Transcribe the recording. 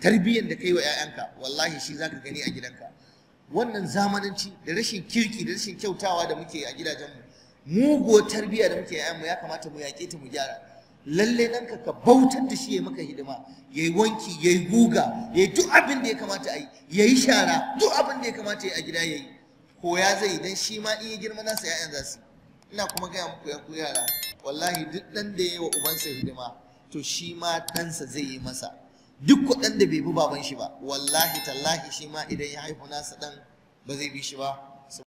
tarbiyyar da kai wa 'ya'yanka wallahi shi za ka gani a gidanka wannan zamananci da rashin kirki da rashin kyautawa da muke a gidajenmu muguwar tarbiyya da muke yayanmu ya kamata mu yaƙe ta mu gyara lalle ɗanka ka bautar da shi ya maka hidima ya yi wanki ya yi guga ya yi duk abin da ya kamata a yi ya yi shara duk abin da ya kamata ya yi a gida ya yi koya zai idan don shi ma in ya girma nasa ya'yan za su ina kuma gaya muku ya ku yara wallahi duk ɗan da ya yi wa ubansa hidima to shi ma ɗansa zai yi masa duk kuɗin da bai bi baban shi ba wallahi tallahi shi ma idan ya haihu nasa ɗan ba zai bi shi ba